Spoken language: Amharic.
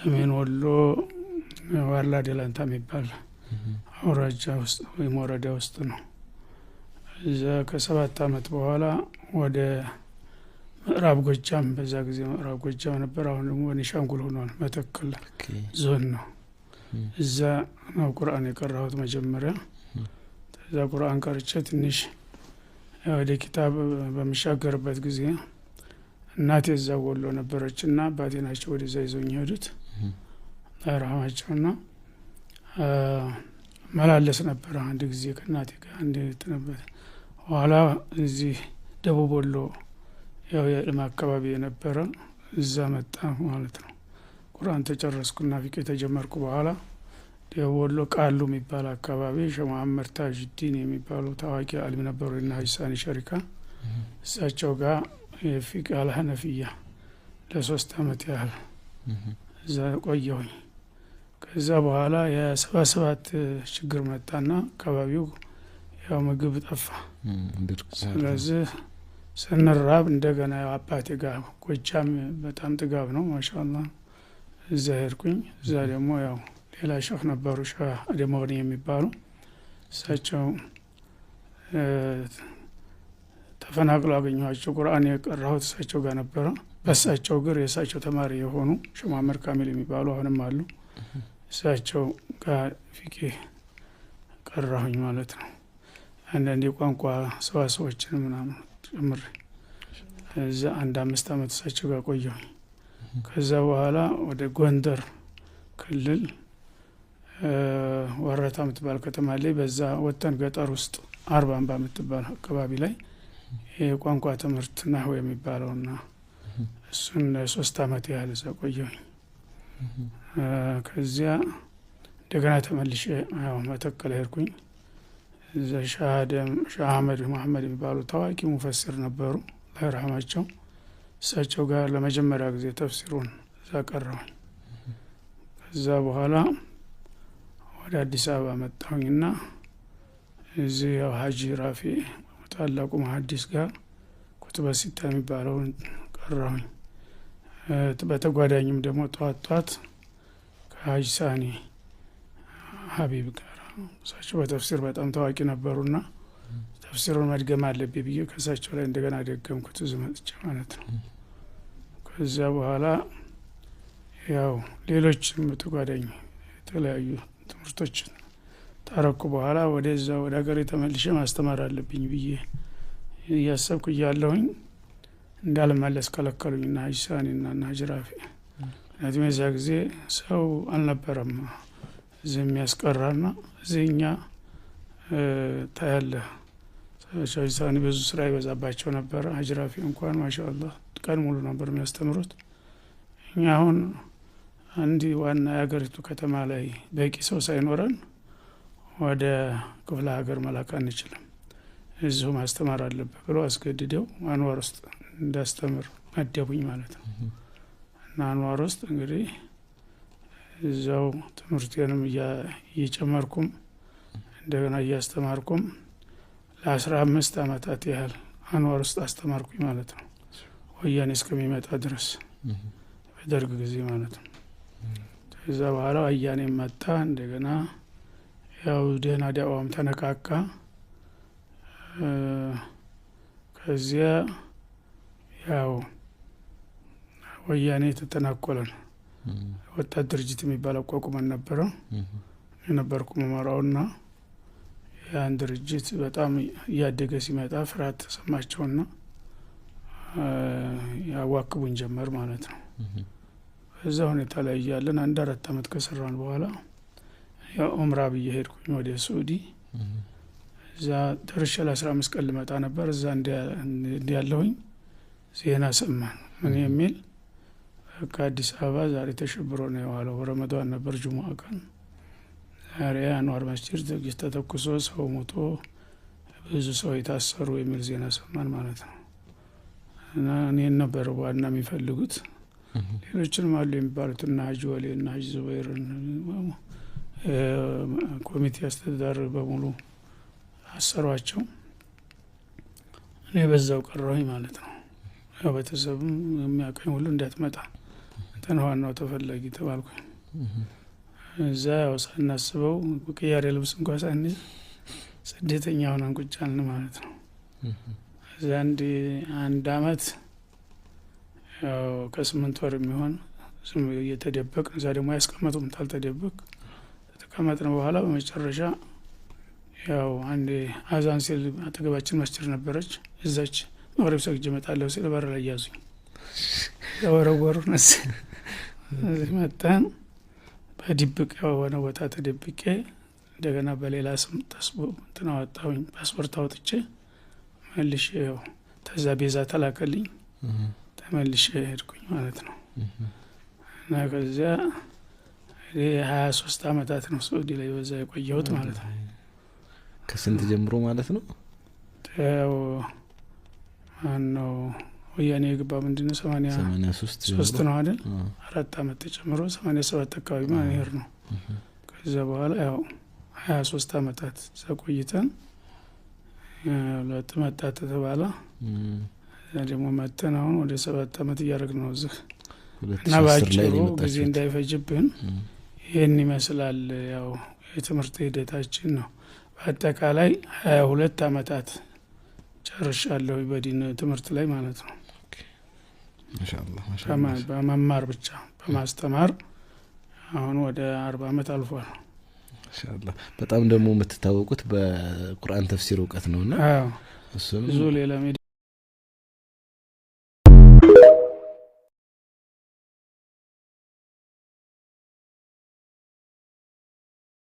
ሰሜን ወሎ ዋላ ደላንታ የሚባል አውራጃ ውስጥ ወይም ወረዳ ውስጥ ነው። እዛ ከሰባት አመት በኋላ ወደ ምዕራብ ጎጃም፣ በዛ ጊዜ ምዕራብ ጎጃም ነበር። አሁን ደግሞ ቤኒሻንጉል ሆኗል። መተከል ዞን ነው። እዛ ነው ቁርአን የቀራሁት መጀመሪያ። እዛ ቁርአን ቀርቼ ትንሽ ወደ ኪታብ በምሻገርበት ጊዜ እናቴ እዛ ወሎ ነበረች እና አባቴ ናቸው ወደዛ ይዘው ሄዱት። ራማጫውና መላለስ ነበር። አንድ ጊዜ ከእናቴ ጋር አንድ ነበር። ኋላ እዚህ ደቡብ ወሎ ያው የዕልም አካባቢ የነበረ እዛ መጣ ማለት ነው። ቁርአን ተጨረስኩና ፊቅ የተጀመርኩ በኋላ ደቡብ ወሎ ቃሉ የሚባል አካባቢ ሸሙሐመድ ታጅዲን የሚባሉ ታዋቂ አልሚ ነበሩ። ና ሀጅሳኒ ሸሪካ እሳቸው ጋር የፊቅ አልሀነፊያ ለሶስት አመት ያህል እዛ ቆየሁኝ። ከዛ በኋላ የሰባ ሰባት ችግር መጣና አካባቢው ያው ምግብ ጠፋ። ስለዚህ ስንራብ እንደገና ያው አባቴ ጋር ጎጃም በጣም ጥጋብ ነው ማሻላ። እዛ ሄድኩኝ። እዛ ደግሞ ያው ሌላ ሸህ ነበሩ ሸህ አደመቅኒ የሚባሉ እሳቸው ተፈናቅሎ አገኘኋቸው። ቁርአን የቀራሁት እሳቸው ጋር ነበረ። በእሳቸው እግር የእሳቸው ተማሪ የሆኑ ሸማመር ካሚል የሚባሉ አሁንም አሉ። እሳቸው ጋር ፊቅህ ቀራሁኝ ማለት ነው። አንዳንድ የቋንቋ ሰዋሰዎችን ምናምን ጭምር እዛ አንድ አምስት አመት እሳቸው ጋር ቆየሁኝ። ከዛ በኋላ ወደ ጎንደር ክልል ወረታ የምትባል ከተማ ላይ በዛ ወተን ገጠር ውስጥ አርባ አምባ የምትባል አካባቢ ላይ የቋንቋ ትምህርት ናሁ የሚባለውና እሱን ለሶስት አመት ያህል እዛ ቆየሁኝ። ከዚያ እንደገና ተመልሼ ያው መተከል ሄድኩኝ። እዛ ሻህ አህመድ መሐመድ የሚባሉ ታዋቂ ሙፈሲር ነበሩ፣ ላይርሐማቸው እሳቸው ጋር ለመጀመሪያ ጊዜ ተፍሲሩን እዛ ቀረሁኝ። ከዛ በኋላ ወደ አዲስ አበባ መጣሁኝና እዚህ ያው ሀጂ ራፊ ታላቁ መሀዲስ ጋር ኩቱበ ሲታ የሚባለውን ሰራሁኝ። በተጓዳኝም ደግሞ ጠዋት ጠዋት ከሀጅ ሳኒ ሀቢብ ጋር እሳቸው በተፍሲር በጣም ታዋቂ ነበሩና ተፍሲሩን መድገም አለብኝ ብዬ ከእሳቸው ላይ እንደገና ደገምኩት እዚህ መጥቼ ማለት ነው። ከዚያ በኋላ ያው ሌሎችም ተጓዳኝ የተለያዩ ትምህርቶችን ታረኩ በኋላ ወደዛ ወደ ሀገሬ ተመልሼ ማስተማር አለብኝ ብዬ እያሰብኩ እያለሁኝ እንዳልመለስ ከለከሉኝና ሀጅ ሳኒና ና ሀጅ ራፊ። ምክንያቱም የዚያ ጊዜ ሰው አልነበረም እዚህ የሚያስቀራ ና እዚህ እኛ ታያለ ሀጅ ሳኒ ብዙ ስራ ይበዛባቸው ነበረ። ሀጅ ራፊ እንኳን ማሻአላህ ቀን ሙሉ ነበር የሚያስተምሩት። እኛ አሁን አንድ ዋና የሀገሪቱ ከተማ ላይ በቂ ሰው ሳይኖረን ወደ ክፍለ ሀገር መላክ አንችልም። እዚሁ ማስተማር አለብህ ብለው አስገድደው አንዋር ውስጥ እንዳስተምር መደቡኝ ማለት ነው እና አንዋር ውስጥ እንግዲህ እዚያው ትምህርቴንም እየጨመርኩም እንደገና እያስተማርኩም ለአስራ አምስት አመታት ያህል አንዋር ውስጥ አስተማርኩኝ ማለት ነው። ወያኔ እስከሚመጣ ድረስ በደርግ ጊዜ ማለት ነው። ከዛ በኋላ ወያኔ መጣ። እንደገና ያው ደህና ዳዋም ተነቃቃ። ከዚያ ያው ወያኔ የተጠናኮለ ነው። ወጣት ድርጅት የሚባል አቋቁመን ነበረ የነበርኩ ና ያን ድርጅት በጣም እያደገ ሲመጣ ፍርሃት ተሰማቸውና ያዋክቡን ጀመር ማለት ነው። በዛ ሁኔታ ላይ እያለን አንድ አራት አመት ከሰራን በኋላ ኦምራ ብዬ ሄድኩኝ ወደ ሱዲ እዛ ደርሼ አስራ አምስት ቀን ልመጣ ነበር እዛ እንዲያለሁኝ ዜና ሰማን ምን የሚል ከአዲስ አዲስ አበባ ዛሬ ተሸብሮ ነው የዋለው። ረመዷን ነበር ጅሙዓ ቀን ዛሬ አንዋር መስጂድ ጥቂት ተተኩሶ ሰው ሞቶ ብዙ ሰው የታሰሩ የሚል ዜና ሰማን ማለት ነው። እና እኔን ነበር ዋና የሚፈልጉት ሌሎችንም አሉ የሚባሉት እና ሀጅ ወሌ እና ሀጅ ዙበይርን ኮሚቴ አስተዳደር በሙሉ አሰሯቸው። እኔ በዛው ቀረሁኝ ማለት ነው። ቤተሰብም የሚያቀኝ ሁሉ እንዳትመጣ እንትን ዋናው ተፈላጊ ተባልኩኝ። እዛ ያው ሳናስበው ቅያሬ ልብስ እንኳ ሳንይዝ ስደተኛ ሆነን ቁጭ አልን ማለት ነው። እዛ አንድ አንድ አመት ያው ከስምንት ወር የሚሆን ዝም እየተደበቅ እዛ ደግሞ ያስቀመጡም ታልተደበቅ ተቀመጥን። በኋላ በመጨረሻ ያው አንድ አዛን ሲል አጠገባችን መስጅድ ነበረች እዛች መግሪብ ሰግጄ እመጣለሁ ሲል በር ላይ ያዙኝ የወረወሩ ነስ እዚህ መጣን። በድብቅ የሆነ ቦታ ተደብቄ እንደገና በሌላ ስም እንትን አወጣሁኝ ፓስፖርት አውጥቼ መልሼ ያው ተዛ ቤዛ ተላከልኝ ተመልሼ ሄድኩኝ ማለት ነው። እና ከዚያ ሀያ ሶስት አመታት ነው ሰዲ ላይ በዛ የቆየሁት ማለት ነው። ከስንት ጀምሮ ማለት ነው? ነው ወያኔ የገባ ምንድነው ሰማኒያ ሶስት ነው አይደል? አራት አመት ተጨምሮ ሰማኒያ ሰባት አካባቢ ማሄር ነው። ከዚ በኋላ ያው ሀያ ሶስት አመታት ዘቆይተን ቆይተን ሁለት መጣ ተተባለ። ደግሞ መተን አሁን ወደ ሰባት አመት እያደረግ ነው እዚህ እና በአጭሩ ጊዜ እንዳይፈጅብን ይህን ይመስላል ያው የትምህርት ሂደታችን ነው። በአጠቃላይ ሀያ ሁለት አመታት ጨርሻለሁ በዲን ትምህርት ላይ ማለት ነው። በመማር ብቻ በማስተማር አሁን ወደ አርባ ዓመት አልፏል። ማሻአላህ በጣም ደግሞ የምትታወቁት በቁርአን ተፍሲር እውቀት ና ብዙ ሌላ